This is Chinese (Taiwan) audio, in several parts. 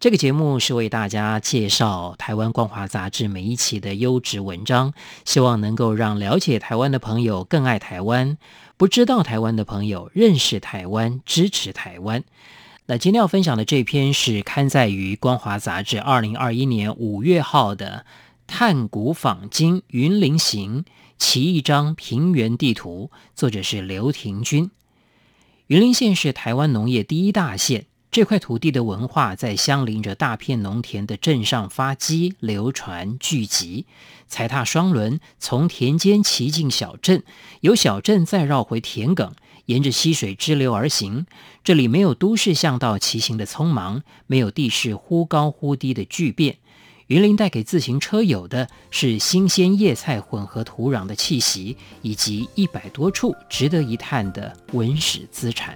這個節目是為大家介紹台灣光華雜誌每一期的優質文章，希望能夠讓了解台灣的朋友更愛台灣，不知道台灣的朋友認識台灣，支持台灣。那今天要分享的這篇是刊載於《光華雜誌》二零二一年五月號的《探古訪今：雲林行》，其一張平原地圖，作者是劉亭均。雲林縣是台灣農業第一大縣。這塊土地的文化在相鄰着大片農田的鎮上發跡、流傳、聚集。踩踏雙輪，從田間騎進小鎮，由小鎮再繞回田埂，沿着溪水支流而行。這裡沒有都市巷道騎行的匆忙，沒有地勢忽高忽低的劇變。雲林帶給自行車友的是新鮮葉菜混合土壤的氣息，以及一百多處值得一探的文史資產。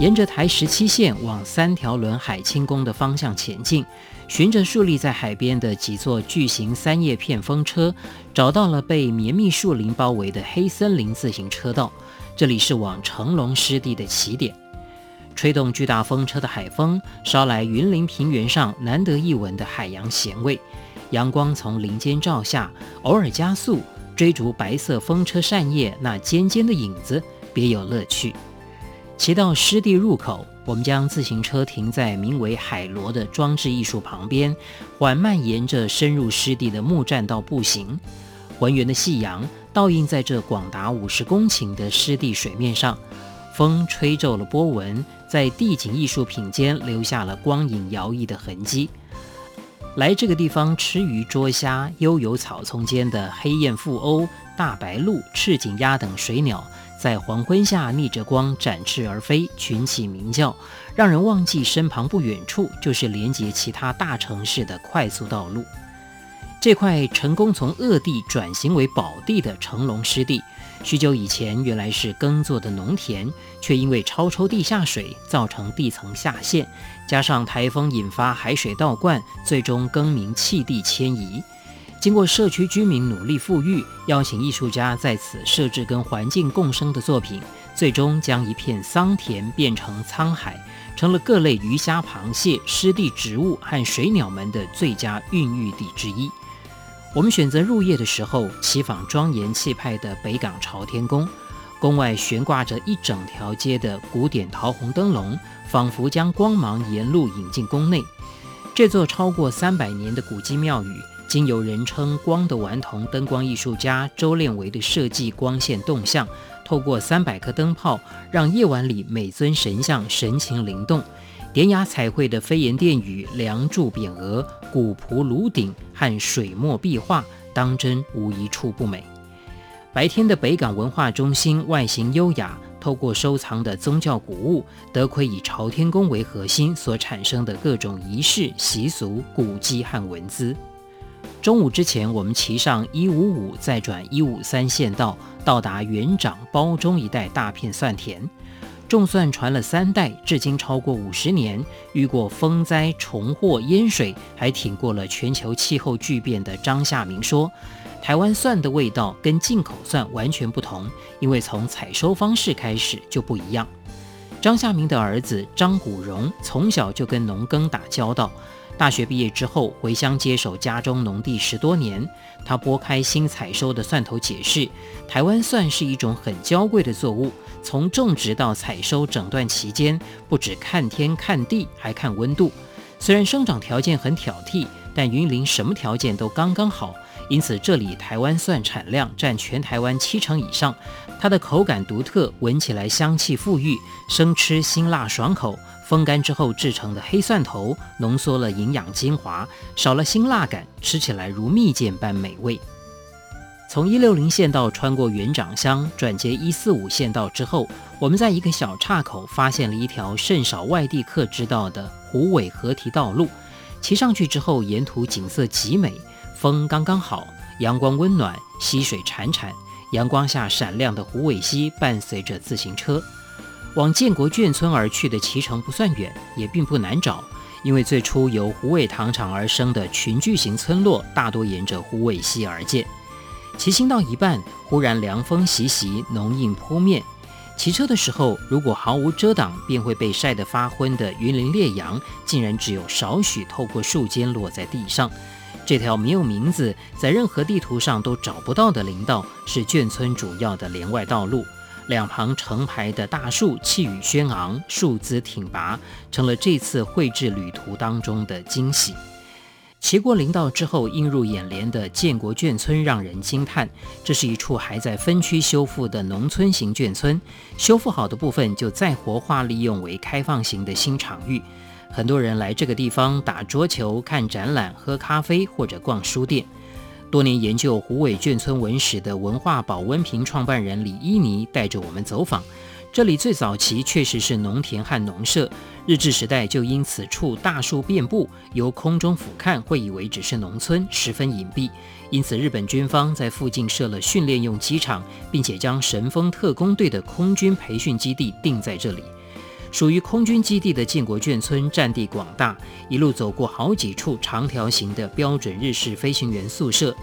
沿着台十七線往三條輪海清宮的方向前進，循着豎立在海邊的幾座巨型三葉片風車，找到了被綿密樹林包圍的黑森林自行車道。這裡是往成龍濕地的起點。吹動巨大風車的海風，捎來雲林平原上難得一聞的海洋鹹味。陽光從林間照下，偶爾加速追逐白色風車扇葉那尖尖的影子，別有樂趣。騎到濕地入口，我們將自行車停在名為“海螺”的裝置藝術旁邊，緩慢沿着深入濕地的木棧道步行。渾圓的夕陽倒映在這廣達五十公頃的濕地水面上，風吹皺了波紋，在地景藝術品間留下了光影搖曳的痕跡。來這個地方吃魚、捉蝦，悠游草叢間的黑雁、富鷗。大白鷺、赤頸鴨等水鳥在黃昏下逆着光展翅而飛，群起鳴叫，讓人忘記身旁不遠處就是連接其他大城市的快速道路。這塊成功從惡地轉型為寶地的成龍濕地，許久以前原來是耕作的農田，卻因為超抽地下水造成地層下陷，加上台風引發海水倒灌，最終更名棄地遷移。經過社區居民努力復育，邀請藝術家在此設置跟環境共生的作品，最終將一片桑田變成滄海，成了各類魚蝦、螃蟹、濕地植物和水鳥們的最佳孕育地之一。我們選擇入夜的時候，騎訪莊嚴氣派的北港朝天宮，宮外懸掛着一整條街的古典桃紅燈籠，仿佛將光芒沿路引進宮內。這座超過三百年的古蹟廟宇。經由人稱“光的頑童”燈光藝術家周練維的設計，光線動向透過三百顆燈泡，讓夜晚裡每尊神像神情靈動。典雅彩繪的飛檐殿宇、梁柱匾額、古樸爐頂和水墨壁畫，當真無一處不美。白天的北港文化中心外形優雅，透過收藏的宗教古物，得窺以朝天宮為核心所產生的各種儀式習俗、古蹟和文字。中午之前，我們騎上一五五，再轉一五三縣道，到達元長褒忠一帶大片蒜田。種蒜傳了三代，至今超過五十年，遇過風災、蟲禍、淹水，還挺過了全球氣候巨變的張夏明說：“台灣蒜的味道跟進口蒜完全不同，因為從採收方式開始就不一樣。”張夏明的兒子張古榮從小就跟農耕打交道。大學畢業之後，回鄉接手家中農地十多年。他撥開新採收的蒜頭，解釋：“台灣蒜是一種很嬌貴的作物，從種植到採收，整段期間不止看天看地，還看溫度。雖然生長條件很挑剔，但雲林什麼條件都剛剛好。”因此，這裡台灣蒜產量占全台灣七成以上，它的口感獨特，聞起來香氣馥郁，生吃辛辣爽口。風乾之後製成的黑蒜頭濃縮了營養精華，少了辛辣感，吃起來如蜜餞般美味。從一六零縣道穿過元長鄉，轉接一四五縣道之後，我們在一個小岔口發現了一條甚少外地客知道的虎尾河堤道路，騎上去之後，沿途景色極美。風剛剛好，陽光溫暖，溪水潺潺。陽光下閃亮的虎尾溪，伴隨着自行車，往建國眷村，而去的騎程不算遠，也並不難找。因為最初由虎尾糖廠，而生的群聚型村落，大多沿着虎尾溪而建。騎行到一半，忽然涼風習習，濃蔭撲面。騎車的時候，如果毫無遮擋，便會被曬得發昏的雲林烈陽，竟然只有少許透過樹尖落在地上。這條沒有名字、在任何地圖上都找不到的林道，是眷村主要的連外道路。兩旁成排的大樹，氣宇軒昂，樹姿挺拔，成了這次繪制旅途當中的驚喜。騎過林道之後，映入眼簾的建國眷村讓人驚嘆。這是一處還在分區修復的農村型眷村，修復好的部分就再活化利用為開放型的新場域。很多人來這個地方打桌球、看展覽、喝咖啡或者逛書店。多年研究虎尾眷村文史的文化保溫瓶創辦人李依妮帶着我們走訪。這裡最早期確實是農田和農舍，日治時代就因此處大樹遍布，由空中俯瞰會以為只是農村，十分隱蔽，因此日本軍方在附近設了訓練用機場，並且將神風特攻隊的空軍培訓基地定在這裡。屬於空軍基地的建國眷村占地廣大，一路走過好幾處長條形的標準日式飛行員宿舍。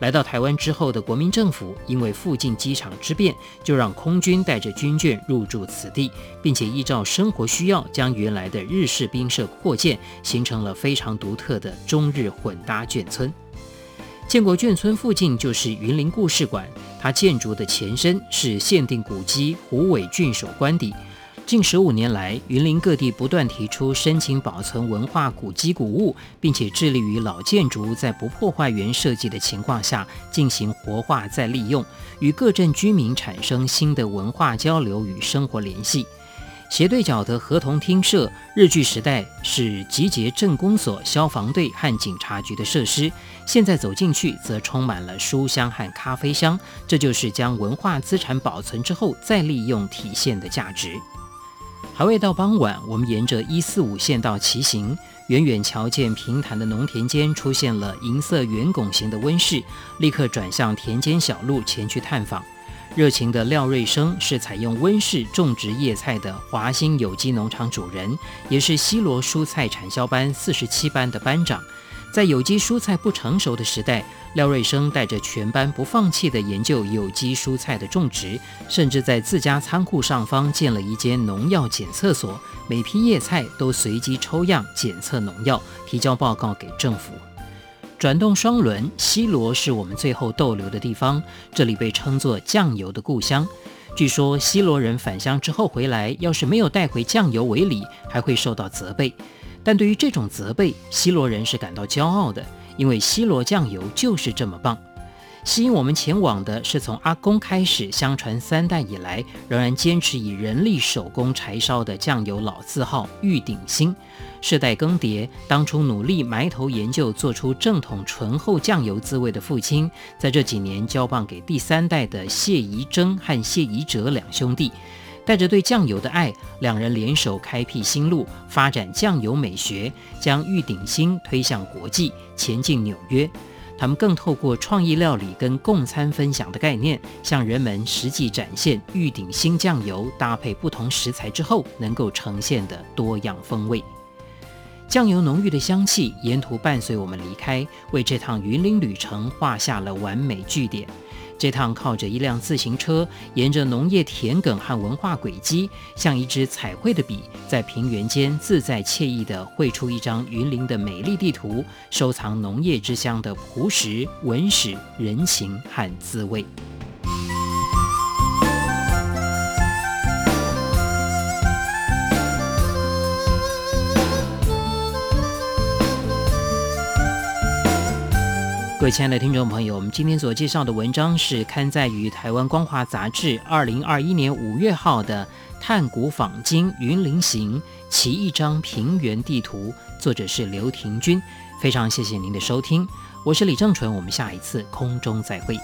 來到台灣之後的國民政府，因為附近機場之便，就讓空軍帶着軍眷入住此地，並且依照生活需要，將原來的日式兵舍擴建，形成了非常獨特的中日混搭眷村。建國眷村附近就是雲林故事館，它建築的前身是縣定古蹟虎尾郡守官邸。近十五年來，雲林各地不斷提出申請保存文化古蹟古物，並且致力於老建築在不破壞原設計的情況下進行活化再利用，與各鎮居民產生新的文化交流與生活聯繫。斜對角的合同廳舍日據時代是集結鎮公所、消防隊和警察局的設施，現在走進去則充滿了書香和咖啡香，這就是將文化資產保存之後再利用體現的價值。還未到傍晚，我們沿着一四五縣道騎行，遠遠瞧見平坦的農田間出現了銀色圓拱形的溫室，立刻轉向田間小路前去探訪。熱情的廖瑞生是採用溫室種植葉菜的華興有機農場主人，也是西螺蔬菜產銷班四十七班的班長。在有機蔬菜不成熟的時代，廖瑞生帶着全班不放棄地研究有機蔬菜的種植，甚至在自家倉庫上方建了一間農藥檢測所，每批葉菜都隨機抽樣檢測農藥，提交報告給政府。轉動雙輪，西螺是我們最後逗留的地方，這裡被稱作醬油的故鄉。據說西螺人返鄉之後回來，要是沒有帶回醬油為禮，還會受到責備。但對於這種責備，西螺人是感到驕傲的，因為西螺醬油就是這麼棒。吸引我們前往的是從阿公開始相傳三代以來，仍然堅持以人力手工柴燒的醬油老字號御鼎興。世代更迭，當初努力埋頭研究做出正統醇厚醬油滋味的父親，在這幾年交棒給第三代的謝宜征和謝宜哲兩兄弟。帶着對醬油的愛，兩人聯手開闢新路，發展醬油美學，將御鼎興推向國際，前進紐約。他們更透過創意料理跟共餐分享的概念，向人們實際展現御鼎興醬油搭配不同食材之後能夠呈現的多樣風味。醬油濃郁的香氣沿途伴隨我們離開，為這趟雲林旅程畫下了完美句點。這趟靠着一輛自行車，沿着農業田埂和文化軌跡，像一支彩繪的筆，在平原間自在愜意地繪出一張雲林的美麗地圖，收藏農業之鄉的樸實、文史、人情和滋味。各位親愛的聽眾朋友，我們今天所介紹的文章是刊載於台灣光華雜誌二零二一年五月號的《探古訪今雲林行其一張平原地圖》，作者是劉亭均。非常謝謝您的收聽，我是李正淳，我們下一次空中再會。